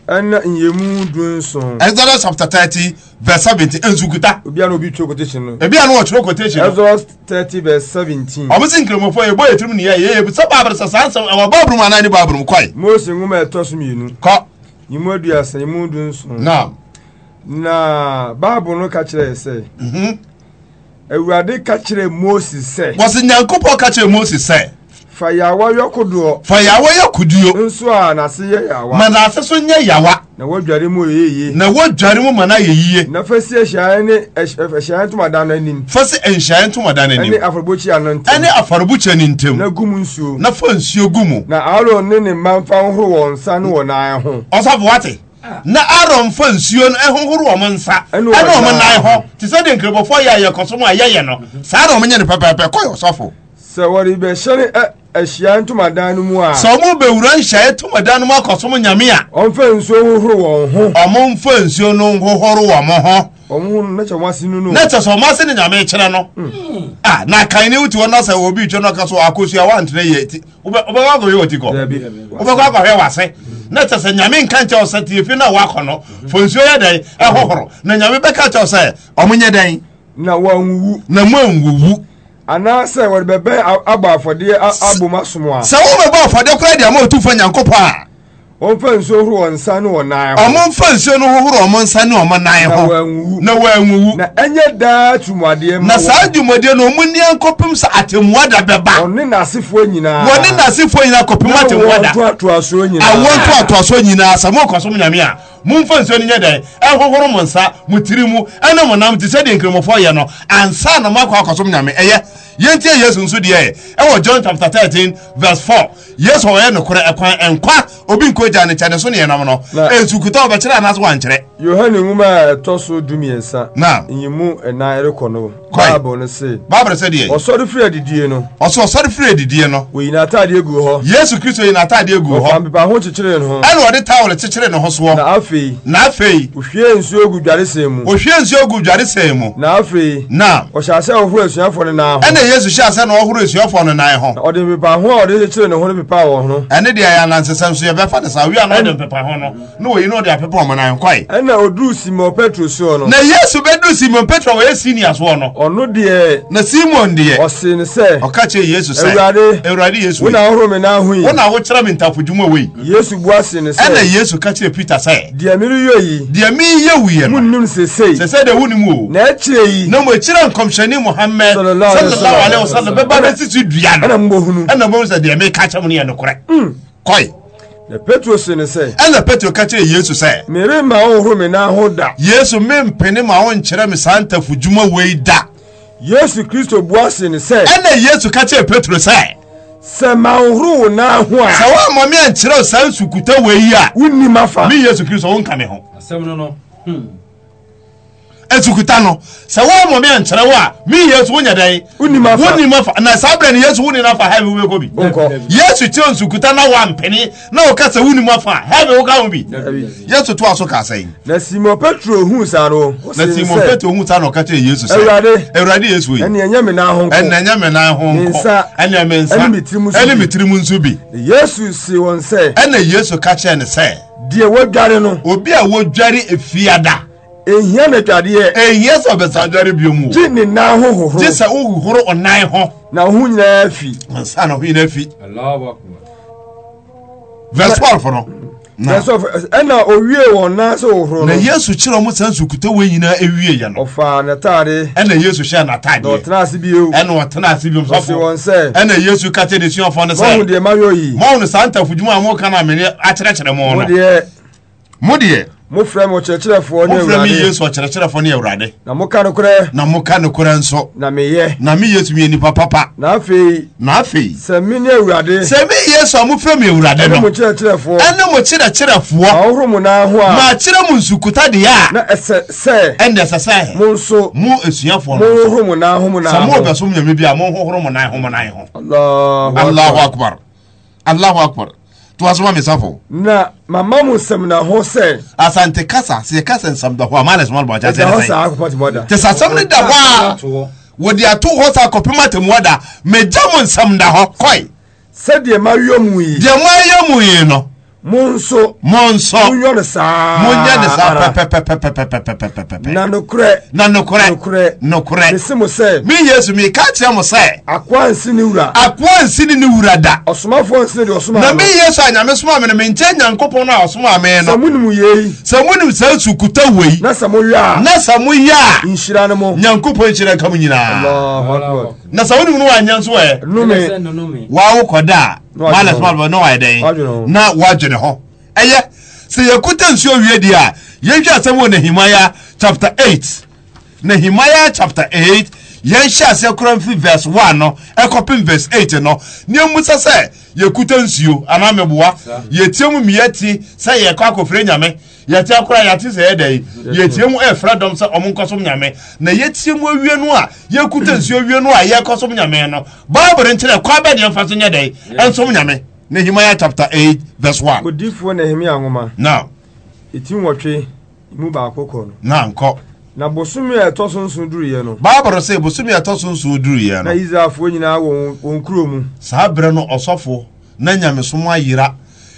ɛna nyɛmu dunson. exodus chapter thirty verse seventeen nsukuta. obi a na obi turo quotation no. ebi a na wɔturo quotation no. exodus thirty verse seventeen. ɔmo nkirimofo yɛ yɛ tirim nìyɛ yɛ yɛ sɛ baabere sɛ saa asɛm ɛwɔ baaburum anan ne baaburum kɔɛ. mose nwoma ɛtɔ so mmienu. kɔ nyimu aduasa nyimu dunson na na baabu no ka kyerɛ sɛ mhm. awurade ka kyerɛ moses sɛ wɔsi nyankopɔn ka kyerɛ moses sɛ fayawa yɛ kodoɔ. fayawa yɛ kodoɔ. nso a n'ase yɛ yawa. ma n'ase so nyɛ yawa. na wɔdware mu yɛ yie. na wɔdware mu ma na yɛ yie. na fɛsi ehyiaeɛ ne ehyiaeɛ ntomadan n'anim. fɛsi ehyiaeɛ ntomadan n'anim. ɛne afɔrɔbɔkyia no ntɛm. ɛne afɔrɔbɔkyia no ntɛm. na gu mu nsuo. na fa nsuo gu na aaron ne ne mma nfa nhoro wɔn nsa ne wɔn nan ho. ɔsɔfo wate. Ah. na aaron fa nsuo no ɛhohoro wɔn nsa ɛne wɔn nan ho te sɛ de no saa na wɔn nyɛ no sɛ wɔde bɛhyɛne ɛ ahyia ntomadan no mu a. sɛ ɔmo bɛwura nhyia ntomadan no mu akɔsom nyame a. ɔmfa nsuo hohoro wɔn ho. ɔmo mfa nsuo no hohoro wɔn ho. ho no n'akyɛ sɛ ɔmo ase ne nyame kyerɛ no. Hmm. Ah, na kan ne wuti hɔ na sɛ obi twɛ no ka so akosua wantena yie ti wobɛkɔ akɔhwɛ wɔ ti kɔ wobɛkɔ akɔhwɛ wɔ ase n'akyɛ sɛ nyame nka nkyɛ ɔsɛ tie fi na wakɔ no fo nsuo yɛ dɛn ɛhohoro na nyame bɛka kyɛ ɔsɛ ɔmo nyɛ dɛn. na wɔn wuwu anaasɛ wɔde bɛbɛ abɔ afɔdeɛ abom asom a. sɛ wɔn bɛbɔ afɔdeɛ kura deɛ ama otu fɔ nyankopɔ a ɔmfa nsuo horo wɔn nsa ne wɔn nan ho. ɔmfa nsuo no hohoro wɔn nsa ne wɔn nan ho na wɔanwuwu. na ɛnyɛ daa dwumadeɛ mu. na saa dwumadeɛ no ɔmo ní ɛnkɔpem sɛ atemua da bɛba. ɔne n'asefoɔ nyinaa. wɔne n'asefoɔ nyinaa kɔpem atemua da. na wɔn ntoatoasoɔ nyinaa. awɔ ntoatoasoɔ nyinaa samu ɔkɔsɔm nyame a mumfa nsuo no nyɛ dɛ ɛhohoro mo nsa mo tiri mu ɛne mo nam te sɛ deɛ nkramofoɔ yɛ no ansa na mo akɔ akɔsɔm nyame ɛyɛ yɛntie yesu nso deɛ ɛwɔ john chapter thirteen verse four yesu ɔyɛ nokorɛ ɛkwan nkwa obi nko gya ne nkyɛn ne so ne yɛnam no ɛnsukuta ɔbɛkyerɛ anaasɛ wankyerɛ yohane nwoma a ɛtɔ so dumiɛnsa na nyimu ɛnan ɛrekɔ no baabul no se baabul sɛ deɛ ɔsɔre firi adidie no ɔsɛ ɔsɔre firi adidie no wɔyi n'ataadeɛ gu hɔ yesu kristo yi n'ataadeɛ gu hɔ ɔfa mpepa ho kyekyere ne ho ɛna ɔde tawul kyekyere ne ho soɔ na afei na afei ohwie nsuo gu dwaresɛn mu ohwie nsuo gu dwaresɛn mu na afei na ɔhyɛ asɛ ɔhoro asuafoɔ no nan ho ɛna yesu hyɛ asɛ na ɔhoro asuafoɔ no nan ho ɔde mpepa ho a ɔde kyekyere ne ho no pepa wɔ ho. ɛne deɛ yɛ anansesɛm so yɛbɛfa ne saa awia no ɔde mpepa ho no na wɔyi no ɔde apepa ɔmo nan kɔe. ɛna oduru simon petro soɔ no. na yesu bɛduru simon petro wɔyɛ senior soɔ no. ɔno deɛ. na simon deɛ. ɔsi ne sɛ. ɔka kyerɛ yesu sɛ. ewurade ewurade yesu wei. wona ahoro mi n'aho yi. wona aho kyerɛ mi ntapodwuma wei. yesu bu ase ne sɛ. ɛna yesu ka kyerɛ peter sɛ. deɛ mi yɛ yi. deɛ mi yɛ wu yɛ no. mu nim sese. sese de wu ni mu o. na ekyire yi. na mo ekyire nkɔmhyɛni muhammed. sallallahu alayhi wa sallam bɛba ne sisi dua no. ɛna mo bɔ hunu. ɛna mo bɔ hunu sɛ deɛ mi ka kyerɛ mo ni yɛ nokorɛ mm. kɔe na petro se ne sɛ ɛna petro ka kyerɛ yesu sɛ meremma wonhoro me nan ho da yesu mempene ma wonkyerɛ me saa ntafodwuma wei da yesu kristo bua se ne sɛ ɛna yesu ka kyerɛ petro sɛ sɛ manhoro wo nan ho a sɛ woammɔ me ankyerɛ saa nsukuta wei a wonnim afa me yesu kristo wonka me ho asɛm no no hmm atukuta no sɛ wɔmmɔ me ankyerɛ wo a me yesu wonyɛ dɛn wonim afa na saa berɛ no yesu wone no afa heaven wobɛkɔ bi yesu kyerɛ nsukuta na wampene na woka sɛ wonim afa heaven woka ho bi yesu toa so kaa sɛi na simon petro huu saa no na simon petro huu saa na ɔka kyerɛ yesu sɛ awurade yesu yi ɛne ɛnyɛ me nan ho ɛne ɛnyɛ me nan ho nkɔ ɛne me nsa ɛne me tirim nso bi yesu si wɔn sɛ ɛna yesu ka kyerɛ ne sɛ deɛ wɔdware no obi a wɔdware efiada ehia na twadeɛ. ehia sɛ ɔbɛsadware bi mu. gye ne nan ho hohoro. gye sɛ ohohoro ɔnan ho. na ho nyinaa fi. nsa na ho nyinaa fi. verse twelve no. na eh, ɛna owie wɔn nan sɛ ohohoro na yesu kyerɛ ɔmo sɛ nsukuta wo nyinaa ewie yɛ no. ɔfaa n'ataade. ɛna yesu hyɛ n'ataadeɛ. na ɔtena ase bi o. ɛna ɔtena ase bi o. ɔsi wɔn sɛ. ɛna yesu kate ne suafo ne sɛ. mɔmu deɛ mayɔ yi. mɔmu santa santafuduma a mo kan na amene akyerɛkyerɛ mo mofrɛ mi ɔkyerɛkyerɛfoɔ ne awurade mofrɛ me yesu ɔkyerɛkyerɛfoɔ ne awurade na moka nokorɛ na moka nokorɛ nso na meyɛ na me yesu meyɛ nipa papa na afei na afei sɛ me ne awurade sɛ me yesu a mofrɛ me awurade no ɛne mo kyerɛkyerɛfoɔ ɛne mo kyerɛkyerɛfoɔ ma ɔhoro mo nan a ma akyerɛ mo nsukuta deɛ a na ɛsɛ sɛ ɛne ɛsɛ sɛ mo nso mo asuafoɔ no mohoro mo nan ho mo nan ho sɛ mobɛso mo nyame bi a mo nan ho mo nan ho allahu akbar allahu akbar toasoma me safo na mama mu nsɛm na ho asante kasa kasa sɛ yɛkasa nsɛm da hɔ a maala soma lobɔakya sɛ nte sɛ sa no da hɔ a wɔde ato hɔ sɛ akɔpem atamuwa da magya mu nsɛm da hɔ kɔe sɛdeɛ mayɔ mu yi deɛ mayɔ mu yi no mo nso mo nso mo nyɛ ne saa mo nyɛ ne saa pɛpɛpɛpɛpɛpɛpɛpɛpɛ na nukurɛ na nukurɛ nukurɛ nukurɛ misi mo sɛ mi yesu mi ka kyerɛ mo sɛ akoa nsi ni wura akoa nsi ni wura da ɔsomafo nsi de ɔsoma na mi yesu a nyame soma mi na mi nkyɛn nyankopɔn na ɔsoma mi no sɛ mo nimu sɛ mo sɛ esu kuta wo yi na sɛ mo na sɛ mo yia nhyira mo nyankopɔn nhyira nka mo nyinaa na sɛ mo nimu wa nya yɛ nume maala small boy na wayɛ na wadwene hɔ ɛyɛ sɛ yɛkuta nsuo wie deɛ a yɛntwa asɛm wɔ nehemaya chapter eight, nehemaya chapter 8 yɛnhyɛ aseɛ kora mfi verse one, no ɛkɔpem eh, verse eight no na ɛmu sɛ sɛ yɛkuta nsuo anaa mɛboa yɛtie mu miɛti sɛ yɛkɔ akɔfrɛ nyame yɛte akora yɛate sɛ ɛda yi yɛtie mu ɛfra dɔm sɛ ɔmo nkɔsom nyame na yɛtie mu awie no a yɛkuta nsuo awie no a yɛkɔsom nyame no bible nkyerɛ kwa bɛdeɛ mfa so nyɛ dɛ ɛnsom nyame nehemia chapter eight verse 1 kodifoɔ nehemia nwoma na ɛtim wɔtwe mu baako kɔ no na nkɔ na bosome a ɛtɔ so nson duruiɛ no baabolo sɛ bosome a ɛtɔ so nson duruiɛ no na israelfoɔ nyinaa wɔ wɔn kuro mu saa berɛ no ɔsɔfoɔ na nyamesom ayera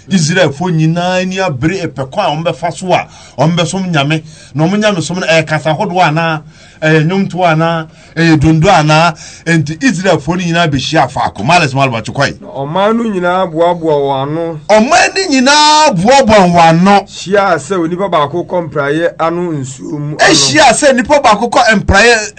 israelfoɔ nyinaa ni abere ɛpɛkɔ a ɔmbɛfa so a ɔmbɛsom nyame na ɔmo nyame som no ɛyɛ kasa ahodoɔ anaa ɛyɛ nnwomtoɔ anaa ɛyɛ dondo anaa nti israelfoɔ no nyinaa bɛhyia afaako males malbakye kɔe ɔman no nyinaa boaboa wɔn ano ɔman no nyinaa boaboa wɔn ano hyia sɛ onipa baako kɔ mpraeɛ ano nsuo mu ɛhyia sɛ nnipa baako kɔ mpraeɛ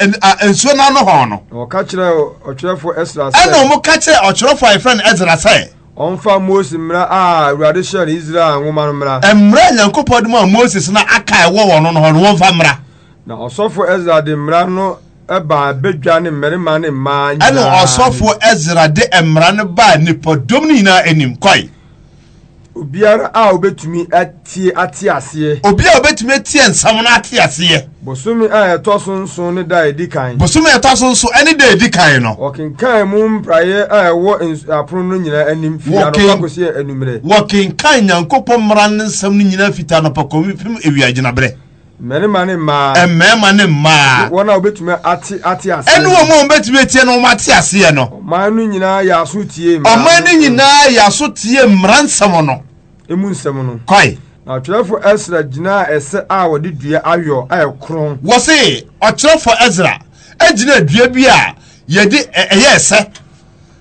nsuo no ano hɔ no ɔka kyerɛ ɔtwerɛfoɔ ɛsra sɛ ɛna ɔmo ka kyerɛ ɔtwerɛfoɔ a yɛfrɛ no ɛsra sɛ ɔmfa mose mmara a ah, awurade hyɛ ne israel nwoma no mmara mmara nyankopɔn de mu a moses na aka ɛwɔ wɔ no no hɔ no wɔmfa mmara na ɔsɔfo ɛsra de mmara no ɛbaa badwa ne mmarima ne mmaa nyinaa ɛne ɔsɔfo ɛsra de mmara no baa nipadɔm no nyinaa anim kɔe obiara a obetumi atie ate aseɛ obiara a obetumi atie nsɛm no ate aseɛ bosome a ɛtɔ so nson ne da edi kan. bosome a ɛtɔ so nson ɛne da edi kan no. wɔkenkan mu mpraeɛ a ɛwɔ apono no nyinaa anim fi anɔpa kɔsi anumere. wɔkenkan nyankopɔn mmara ne nsɛm no nyinaa fita anɔpa kɔmi fim ewiagyinaberɛ. mmarima ne mmaa. mmarima ne mmaa. wɔn a wɔbɛtumi ate ate aseɛ. ɛnu wɔn a wɔbɛtumi etie no wɔn ate aseɛ no. ɔman no nyinaa yɛ aso tie. ɔman no nyinaa yɛ aso tie mmaransɛm no. emu nsɛm no. kɔɛ na ɔtwerɛfo ɛsra gyinaa ɛsɛ a wɔde dua ayɔ a kron wɔ se ɔtwerɛfo ɛsra ɛgyina dua bi a yɛde ɛyɛ ɛsɛ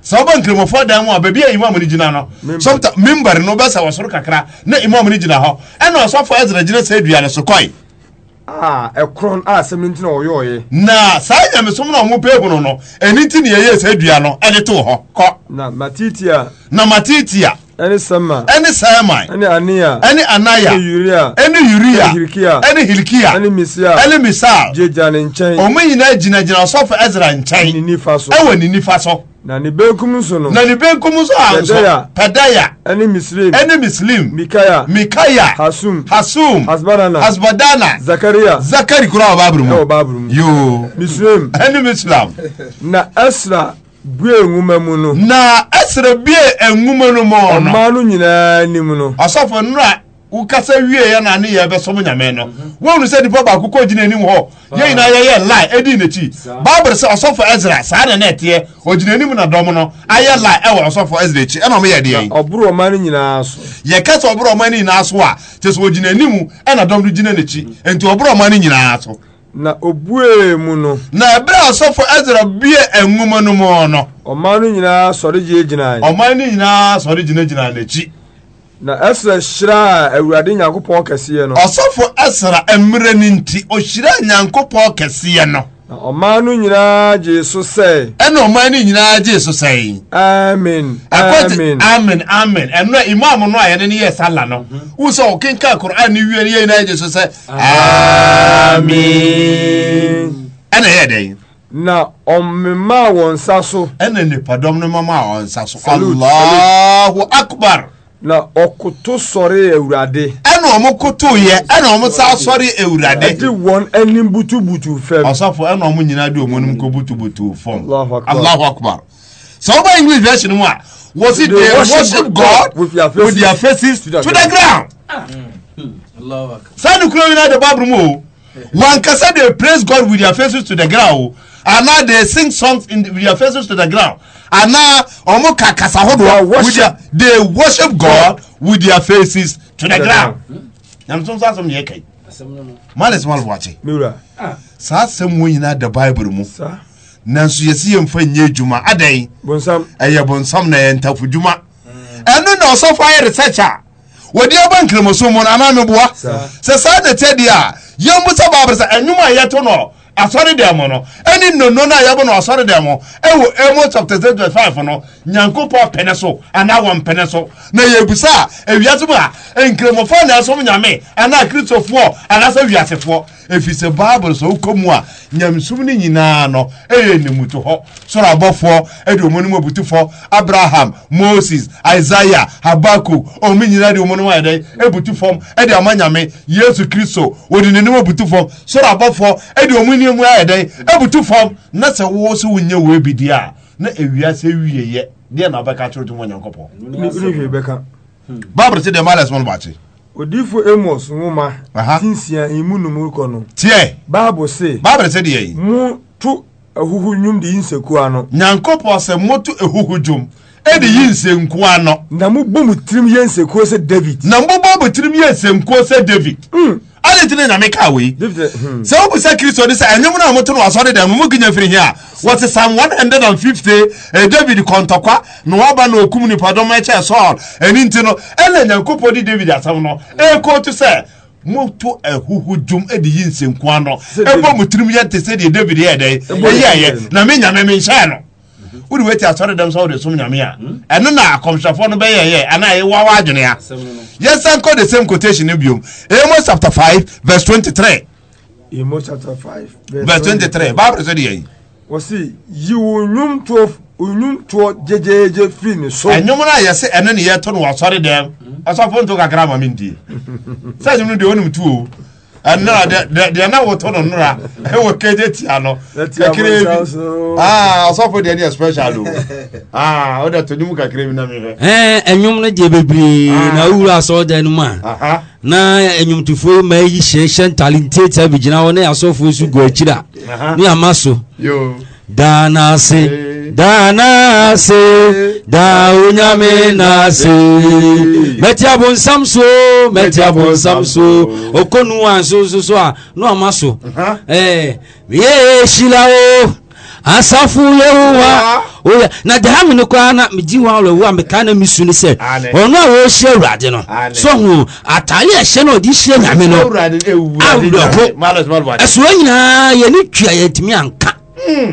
sɛ wobɛ nkremɔfoɔ dan mu a baabi a imam no gyina no sɔmta membar no wobɛsɛ wɔ soro kakra na imam no gyina hɔ ɛna ɔsɔfo ɛsra gyina sɛ dua no so kɔe ɛkorɔn a asɛm no nti na ɔyɛɔyɛ na saa nyamesom na ɔmo pɛ hunu no ɛni nti ne yɛyɛ saa dua no ɛde too hɔ kɔ na matitia na matitia ɛne sɛma ɛne sɛma ɛne ania ɛne anaya ɛne yuria ɛne yuria ɛne hilikia ɛne hilikia ɛne misia ɛne misa gyegya ne nkyɛn ɔmo nyinaa gyinagyina ɔsɔfo ɛzra nkyɛn ne nifa so ɛwɔ ne nifa so na ne benkum so no na ne benkum so a nso pɛdaya ɛne mislim ɛne mislim mikaya mikaya hasum hasum hasbadana hasbadana zakaria zakari kura ɔba aburumu ɛwɔ ɔba aburumu yoo mislim ɛne mislam na ɛsra bue nwoma mu no na ɛsrɛ bue nwoma no mu ɔ no ɔmaa no nyinaa anim no wie na ne yɛ bɛsom nyame no mhm. wɔhunu sɛ nipa baako kɔ gyina anim hɔ yɛ nyinaa yɛyɛ lai ɛdi n'akyi sɛ ɔsɔfo saa na ne ɔgyina na dɔm no ayɛ lai ɛwɔ ɔsɔfo akyi ɛna deɛ nyinaa so nyinaa so a ɔgyina anim mhm. na obuee mu no na ɛberɛ asɔfo ɛsra bue anwuma no mu no ɔman no nyinaa sɔre gyinagyinae ɔman no nyinaa sɔre gyinagyina n'akyi na ɛsra hyiraa awurade nyankopɔn kɛseɛ no ɔsɔfo ɛsra mmerɛ no nti ɔhyiraa nyankopɔn kɛseɛ no na ɔman no nyinaa gye so sɛ. ɛna ɔman no nyinaa gye so sɛ. amen amen amen amen ɛnna imaamu no a yɛde ne yɛ sala no mhm. wusa ɔkenka koran ne wie ne yɛ nyinaa gye so sɛ. amen ɛna ɛyɛ dɛ. na ɔmema wɔn nsa so. ɛna nipadɔm no mama wɔn nsa so. allahu akbar. na ɔkoto sɔre awurade ɛna ɔmo koto yɛ ɛna ɔmo sa asɔre ewurade. ɛdi wɔn ɛni butubutu fɛm. ɔsɔfo ɛna ɔmo nyinaa di ɔmo nim ko butubutu fɔm alahu akbar sɛ ɔba english version mu a wɔsi de worship god with their faces, to the ground. Hmm. sanni kuro yi na de baabur mu o wankasa de praise god with their faces to the ground o ana de sing songs in the, with their faces to the ground ana ɔmo ka kasa hodoɔ with their they worship god with their faces tunagra nyamsom saa asɛm deɛ ɛkai male sɛm alboakye saa asɛm wɔ nyinaa da bible mu nanso yɛsi yɛmfa nyɛ adwuma adɛn ɛyɛ bonsam na ɛyɛ ntafodwuma ɛno na ɔsɔfo ayɛ research a wɔde aba nkramosom mu na anaa meboa sɛ saa dɛtɛ deɛ a yɛmbu sɛ bible sɛ ɛnwoma a yɛto no asɔre dɛm no ɛne nnono no a yɛbɔ no asɔre dɛm ɛwɔ emo chapter three verse five no nyankopɔn pɛnɛ so anaa wɔn pɛnɛ so na yɛbusa a ewiase mu a nkramofoɔ na ɛsom nyame anaa kristofoɔ anaasɛ wiasefoɔ ɛfiri sɛ bible sɛ wokɔ mu a nyamsom no nyinaa no ɛyɛ nimuto hɔ soro abɔfoɔ ɛde ɔmo nom abutufoɔ abraham moses isaia habakuk ɔmo nyinaa de ɔmo nom ayɛ dɛ e ɛbutu fam ɛde ama nyame yesu kristo wɔde ne nom abutu fam soro abɔfoɔ ɛde ɔmo e nneɛ mu ayɛ dɛ ɛbutu fam na sɛ wo so wonyɛ wɔ e bi deɛ a na ewiase wieyɛ deɛ na wobɛka kyerɛ to mu onyankopɔn bible sɛ deɛ malas mo no baakye odifo amos nwoma tinsia imu num kɔ no tiɛ baabu se baabu se deɛ yi mu to ehuhu nwum de yi nseku ano nyankopɔ sɛ moto ehuhu dwom ɛde yi nsenku ano na mo bɔ mo tirim yɛ nseku sɛ david na mo bɔ mo tirim yɛ nsenku sɛ david. Mm. adɛnti ne nyame kaa wei hmm. sɛ wobu sɛ kristo de sɛ ɛnwom no a moto no wasɔre dɛm mu ginya firi hɛ a wɔte sam 150 eh, david kɔntɔkwa na waba na ɔkum nipadɔm ɛkyɛɛ saul ɛni nti no ɛna nyankopɔn de david asɛm no ɛkɔ to sɛ moto ahuhu dwom de yi nsenkoa no ɛbɔ mo tirim yɛ te sɛdeɛ david yɛ dɛn ɛyɛɛyɛ na menyame menhyɛɛ no wode wati asɔredɛm sɛ wode som nyame a ɛno na akɔmhyɛfoɔ no bɛyɛyɛ anaa ɛwɔ wɔ adwene a yɛnsan kɔ the same quotation no biom amos chapter 5 verse 23 amos chapter 5 verse 23 bible sɛ deɛ wɔsi yi wo nnwomtoɔ nnwomtoɔ gyegyeegye firi ne so ɛnwom no a yɛse ɛno ne yɛto no wɔ asɔredɛm ɔsɔfo nto kakra ama mentie sɛ nwom no deɛ wonim tuo ɛnna deɛ na wotɔ no nora ɛwɔ kede tia no kakra bi aa ɔsɔfo deɛ ne yɛ special o aa ah, ɔde to ne mu kakra bi na mi hɛ. ɛɛ ɛnwom no deɛ bebree na owura asɔɔdan no mu a na ɛnwomtufoɔ mmaa yi hyɛ hyɛ ntalentie tia bi gyina hɔ ne asɔfoɔ nso gu akyiri a ne ama so. yoo danase danase daonyame nase mɛtiabonsam so mɛtiabonsam so okonu wa nso nso so a na ɔma so eh, ɛɛ yee hyila o asafo yehowa oya na daha mi no koraa na megye wa awolawu a mekaa na mesu no sɛ ɔno a wɔrehyia awurade no sɛ ho atare ɛhyɛ no ɔde hyia nyame no awurɔho ɛsoɔ nyinaa yɛne tua yɛatumi anka hmm.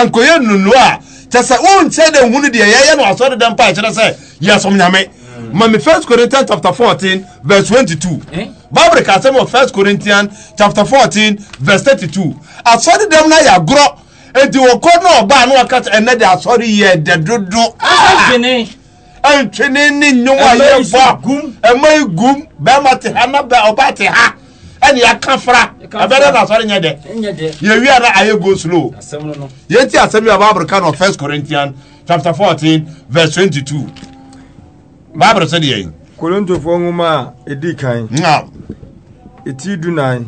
ankɔyɛ nnunu a kyɛ wonkyɛ dɛ nhunu deɛ yɛyɛ no asɔre dɛ mpa kyerɛ sɛ yɛ som nyame mami first corinthian chapter fourteen verse twenty-two eh? bible ka sɛ mo first corinthian chapter fourteen verse thirty-two asɔre dɛm na yɛ agorɔ eti wɔkɔ na ɔbaa na ɔka sɛ ɛnɛ de asɔre yɛ dɛ dodo aa ah! ɛntwene ne nnwom yɛ bɔ ɛmɛ gum bɛrima te ha na ɔbaa te ha ɛne yɛakafra ɛbɛdɛ na asɔre nyɛ dɛ yɛwia na ayɛ go slow yɛnti asɛm bi a bible ka no first corinthian chapter 14 verse 22 bible sɛ deɛ korintofoɔ nwoma a ɛdi kan ɛti dunan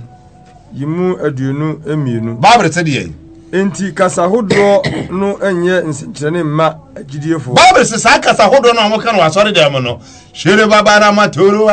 yi mu aduonu mmienu bible sɛ deɛ nti kasa hodoɔ no nyɛ nsɛnkyerɛnne mma agyidiefoɔ. báwo sɛ saa kasa hodoɔ no a wɔka no wɔasɔre dɛm no hyere babara matoro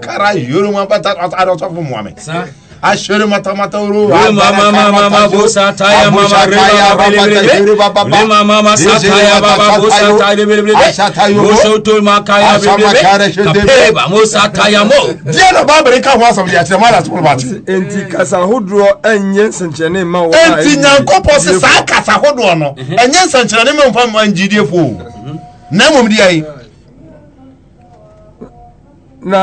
kara hyere mu apata ashiri mata mata uru mama mama mama babu taya mama riba baba mama mama mama sataya baba bu sataya bele bele sataya bu soto makaya bele bele kapeba mo sataya mo dia na babere ka ho asam dia tira mala tukul bat enti kasa hodro enye senkyene ma wo enti nyankopɔ se saa kasa hodro no mhm. enye senkyene ma mfa ma ngidie fo mhm. na mom dia yi na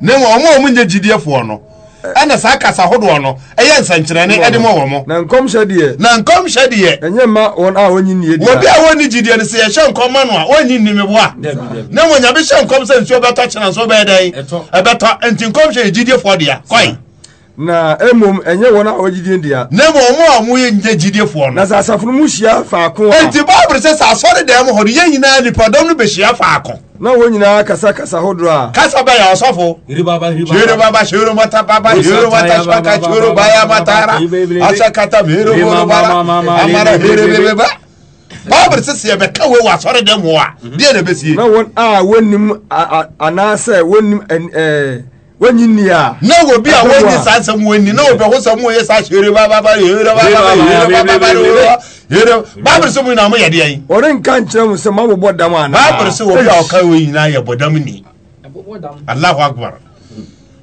na mo mo nye gidie fo no ɛna saa kasa ahodoɔ no ɛyɛ nsɛnkyerɛnne ɛde ma wɔn mo. na nkɔmhyɛ deɛ. na nkɔmhyɛ deɛ. ɛnyɛ ma wɔn a wɔnyi nie deɛ. obi a wɔnyi gyidiɛ no sɛ yɛhyɛ nkɔm ma no a wɔnyi nimi bo a. na wɔn hyɛ nkɔm sɛ nsuo bɛtɔ kyerɛ nsuo bɛyɛ dɛ. ɛbɛtɔ nti nkɔmhyɛ yɛ gyidiɛ deɛ kɔi na emom ɛnyɛ wɔn a wɔyɛ gyidie dea. ne mu wɔn a wɔyɛ nyɛ gyidiefoɔ no. na sɛ asafo no mu hyia faako. eti baabiri sɛ sɛ asɔre dɛm hɔ no yɛn nyinaa nipadɔm no bɛ hyia faako. na wɔn nyinaa kasa kasa ahodoɔ a. kasa bɛyɛ ɔsɔfo. yiribaba yiribaba yiribata baba yiribata shibaka yiribaba yamatara asakata yiribaba amara yiribaba baabiri sisi ɛbɛka wo wɔ asɔre dɛm hɔ a. deɛ na bɛ sie. na wɔn a wɔnim anaasɛ wɔnim ɛɛ wonyi ni a. na wo bi a wonyi saa nsɛm wonyi na wo bɛ ko sɛm wo ye saa seere ba ba ba yeere ba ba ba yeere ba ba ba yeere yeere baabiri sɛ mu na mo yɛ deɛ yi. o de nka nkyɛn mu sɛ maa bɛ bɔ dam ana. baabiri sɛ wo bi a ɔka wo nyinaa yɛ bɔ dam ni alahu akbar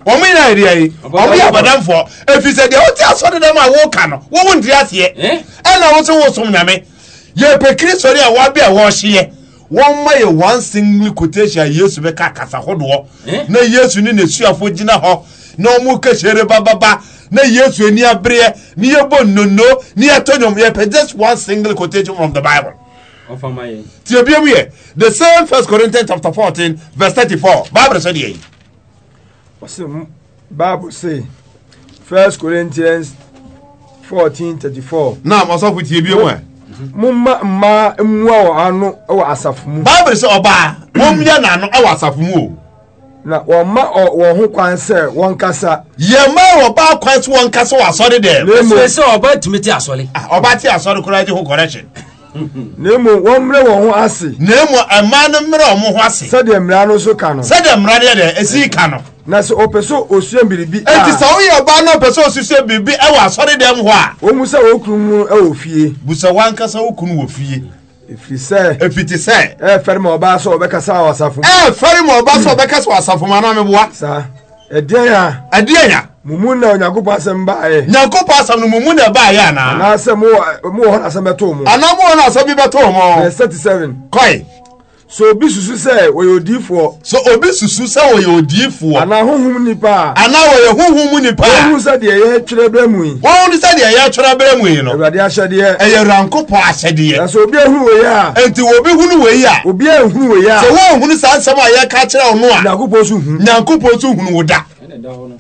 wɔn mu nyinaa yɛ deɛ yi wɔn yɛ bɔ dam fɔ efisɛ deɛ o ti asɔre dam eh? a wo ka no wo wo ntiri aseɛ ɛna wo sɛ wo som nyame yɛ pɛ kiri sɔre a wa bi a wɔɔhyeɛ wɔn ma yɛ one single quotation a yesu bɛ ka kasa hodoɔ na yesu ne n'asuafo gyina hɔ na wɔn kɛhyɛrɛ bababa na yesu ani abereɛ ne yɛ bɔ nnono ne yɛ tɔ nyɔm yɛ pɛ just one single quotation from the bible. tie bia mu yɛ the same first corinthians chapter fourteen verse thirty-four bible sɛ deɛ yi. wɔsi bible say first corinthians fourteen thirty-four. naam ɔsɔfo tie bia mu yɛ. momma mmaa mmua wɔ ano wɔ asafo mu bible sɛ ɔbaa mommia n'ano wɔ asafo mu o na ọ wɔn ho kwan sɛ wɔn kasa yɛma ɔbaa kwan sɛ wɔn kasa wɔ asɔre dɛ ɛsɛ ɔbaa tumi te asɔre ɔbaa ah, te asɔre ho correction na wɔn mmerɛ wɔn ho ase na ọ no mmerɛ wɔn ho ase sɛdeɛ no nso ka no sɛdeɛ no yɛ dɛ ka no na sɛ ɔpɛ sɛ osua biribi a sɛ woyɛ ɔbaa na ɔpɛ sɛ osua biribi ɛwɔ asɔre dɛm hɔ a wɔn sɛ wɔn mu ɛwɔ fie busa wankasa wɔn kunu wɔ fie efiri sɛ efiti sɛ ɛfɛri ma ɔbaa sɛ ɔbɛkasa wɔ asafo ɛfɛri ma ɔbaa sɛ ɔbɛkasa wɔ asafo ma anam ɛboa saa ɛdeɛ ya ɛdeɛ ya mumu na nyankopɔn asɛm baayɛ nyankopɔn asɛm no mumu na ɛbaayɛ anaa anaasɛ mo hɔ na asɛm bɛtɔ mo anaa mo wɔ asɛm bi bɛtɔ mo ɛsɛ ti so obi susu sɛ wɔyɛ odiifoɔ. so obi susu sɛ wɔyɛ odiifoɔ. ana huhum nipa. ana wɔyɛ huhum nipa. wɔn sɛ deɛ yɛ twerɛ bɛrɛ mu yi. wɔn sɛ deɛ yɛ twerɛ bɛrɛ mu yi no. awurade ahyɛdeɛ. ɛyɛ rankopɔ ahyɛdeɛ. na sɛ obi ehunu wei a. nti obi hunu wei a. obi ehunu wei a. sɛ wɔn hunu saa nsɛm a yɛka kyerɛ ɔno a. nyankopɔ so hunu. nyankopɔ so hunu wo da.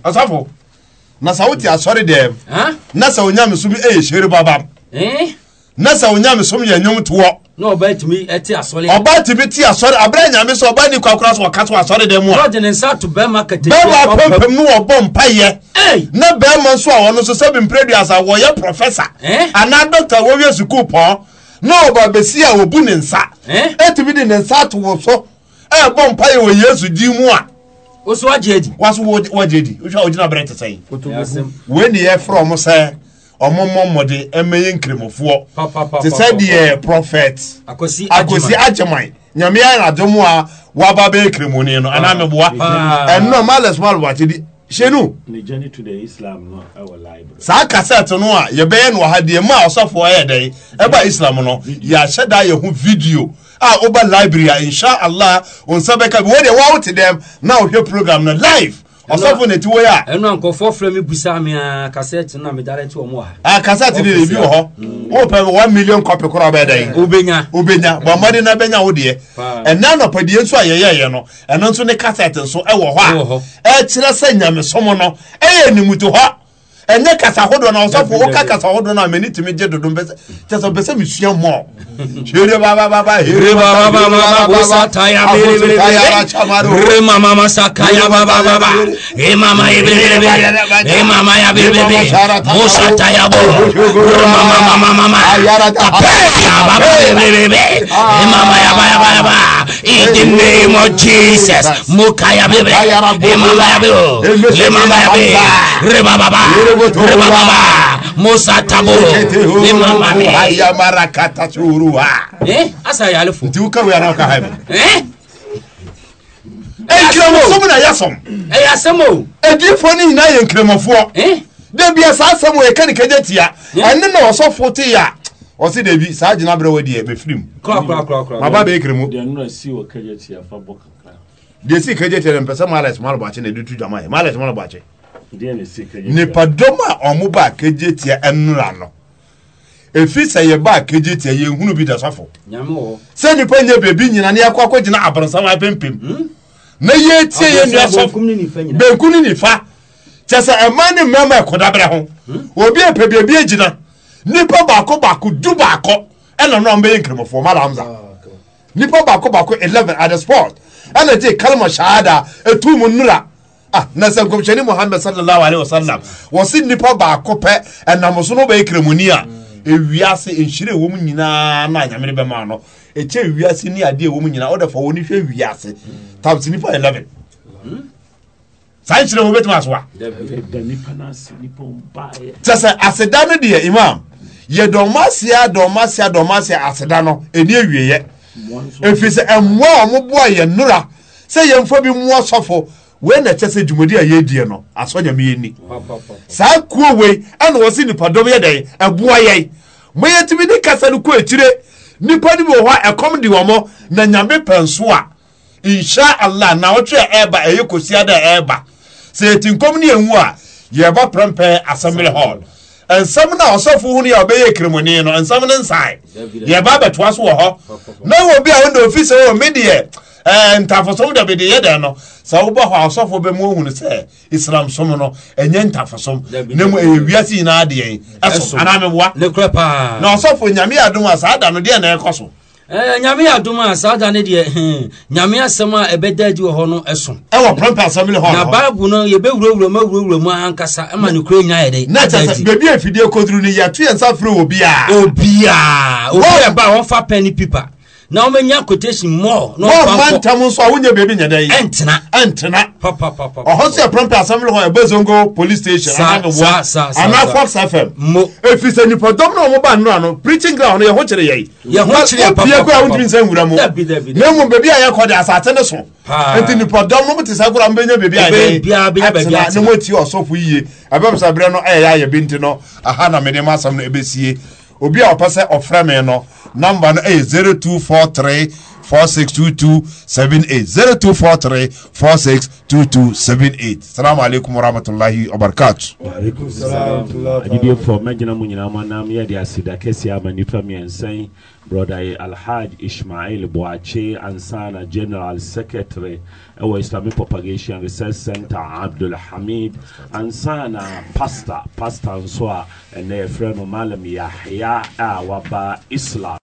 ɔsafo na sɛ wote asɔre dɛm. na sɛ onyame som babam. na sɛ onyame na ọba tumi ti asọre. ọba tumi ti asọre abirẹ nyame sọ ọba ni kwakura sọ ọka sọ asọre dẹ mu a. lọọdi ni nsa to bẹẹma kẹtẹ. bẹẹma pẹmpẹm mu ọbọ mpa yẹ. na bẹẹma nso a wọn nso sẹbi mpreduasa wọyẹ prọfẹsa. ana dọkita wọwia sukuu pọn na ọba besi a obu ne nsa. etumi di ne nsa ato wọ so ɛbɔ mpa yɛ wɔ yesu di mu a. wosowa jẹ di. wasowa jẹ di wosowa ogyina abirɛ ɔmɔmɔ mɔden ɛmɛyɛ nkirimfoɔ te sɛ deɛ prɔfɛt akosi agyeman nyame anadomu a waba bɛyɛ kirimoni no anaa ah. meboa ah. ɛno ma lesmal watedi hyɛnu saa kasɛte no a yɛbɛyɛ no wɔ ha deɛ ma ɔsɔfoɔ ɛyɛ dɛn ɛba islam no yɛahyɛ da yɛ ho video a woba library a inshallah ɔnsa bɛka bi wodeɛ woawo te dɛm na wohwɛ program no live ɔsɔfo na etiwo yɛ a. ɛnu nkɔfɔ filɛ mi busa mi aa kasɛti na mi dara ti wɔn wa. aa ah, kasɛti de ebi wɔ hɔ mm. o pɛ one million kɔpi kura bɛ da yi. Mm. o bɛ nya o bɛ nya bɔn mm. mɔden na bɛ nya o deɛ. ɛnna nɔpɛdiɛ nso a yɛyɛ yɛ no ɛno nso ne kasɛti nso ɛwɔ hɔ a ɛkyerɛ sɛ nyamesɔmɔ no ɛyɛ nimutu hɔ ɛnyɛ kasa hodo na ɔsɔfo woka kasa hodo na mɛni tumi gye dodo mpɛsɛ kyɛ sɛ mpɛsɛ mi sua mɔ hyere babababa hyere babababa wosa taya berebere mama ba ba babababa e mama ye berebere e mama ya bi bi bi berebere wosa taya bolo mama mama mama kapɛ ya baba berebere e mama ya ba ya ba ya ba in the name of Jesus. Mukaya bebe, imabaya bebe, lemabaya bebe, rebababa, rebababa, Musa tabo, lemabami. Ayamara kata churuwa. Eh, asa yalifu. Tiuka wiyana kahaibu. Eh. eh nkrɛmɔsom na yɛ som ɛyɛ eh, asɛm o adiyifoɔ eh, no nyinaa yɛ nkrɛmɔfoɔ dabi a saa asɛm yɛka ne kagya tia ɛne na ɔsɔfoɔ teyɛ a ɔsi dɛbi saa gyina abirɛ wɔ deɛ bɛfirim. kura kura kura kura. maba bɛ ekiri mu. deɛ nura si wɔ kɛjɛ ti afa bɔ kakra. deɛ si kɛjɛ ti yɛ mpɛsɛ maala esumalo bɔ akyɛ na edu tu jama yɛ maala esumalo bɔ akyɛ. deɛ ne a ɔmo ba kɛjɛ ti yɛ ɛnura no efi sɛ yɛ ba kɛjɛ ti yɛ ehunu bi dasafo. nyamɔ. sɛ nipa nyɛ beebi nyina ne akɔ akɔ gyina abaransan wa pempem. Hmm? na yɛ tie yɛ nua sɔfo benkum ne nifa kyɛ sɛ nipa baako baako du baako ɛna nnọọ mbɛyɛ nkramofoɔ mara hamza ah, nipa baako baako eleven at the spot ɛna gye kalma shahada etu mu nnura ah na sɛ nkɔmhyɛni muhammed sallallahu alaihi wa sallam wɔsi nipa baako pɛ ɛnam so no bɛyɛ kramoni a ewiase nhyire wɔ nyinaa na anyamiri bɛ maa no ekyɛ ewiase ne adeɛ wɔ mu nyinaa ɔdɛ fɔ wɔn ni hwɛ ewiase nipa eleven saa nhyire wɔ bɛtuma so a. sɛ sɛ aseda no deɛ imam yɛ dɔnmasia dɔnmasia dɔnmasia aseda no ɛni awieɛ ɛfiri sɛ ɛmmoa a ɔmoboa yɛ nnora sɛ yɛmfa bi mmoa sɔfo wei na ɛkyɛ sɛ dwumadi a yɛdie no asɔ nyame yɛni saa kuo wei ɛna wɔ se nipadɔm yɛ dɛn ɛboa yɛn moyɛ tumi ne kasa no kɔ akyire nnipa no bi wɔ hɔ a ɛkɔm de wɔ na nyame pɛn so a insha allah na wɔtwe a ɛɛba ɛyɛ kɔsia da ɛɛba sɛ yɛti nkɔm ne yɛnwu a yɛba prɛmpɛ assembly hall nsɛm no a ɔsɔfo hu no yɛ ɔbɛyɛ kirimoni no nsɛm no nsae deɛ ba so wɔ hɔ na wɔ bi a wonde ofi sɛ wɔ me deɛ eh, ntafosom da bɛde yɛ dɛn no sɛ wobɔ hɔ a ɔsɔfo bɛmu ohunu sɛ islam som no ɛnyɛ ntafosom na mu ɛyɛ wiase nyinaa deɛ ɛso anaa na ɔsɔfo nyame adom a saa da no deɛ na ɛkɔ so Eh, nyame adom a saa da ne deɛ hmm, nyame asɛm a ɛbɛda adi wɔ hɔ no ɛso ɛwɔ prɔmpɛ asɛmle hɔ na bible no yɛbɛwurawura mu awurawura mu ankasa ɛma nokora nya yɛ dɛ na kyɛ sɛ baabi a afidie kɔduru no yɛato yɛ nsa frɛ obiaa obiaa obi a ɛba a wɔmfa pɛ ne pipa na wɔn anya quotation more. na wɔn fa ntam nso a wonye beebi nyɛ dɛ yi. ɛntena. ɛntena. papapapa. ɔhɔ nso yɛ pɛrɛmpɛ asɛmúlò hɔ ɛbɛ zongo police station. saa saa saa saa ana fox fm. mo efisɛ nipa dɔm na wɔn ba nnura no preaching ground no yɛ ho kyerɛ yɛ yi. yɛ ho kyerɛ papa papa ko a wontumi nsa nwura mu. dabi dabi dabi. na emu beebi a yɛ kɔ de asate ne so. paa nti nipa dɔm mo te sa kura mo bɛ nye beebi obi a ɔpɛ sɛ ɔfrɛ me no namba no four three. 462278 462278 salamu alaikum warahmatullahi alaikum. adidiɛfoɔ mɛgyina mu nyinaa brother alhaj ishmael boache ansana general secretary ɛwɔ islamic propagation research center abdul hamid ansana pastor pastor Ansua and their friend malam yahya waba islam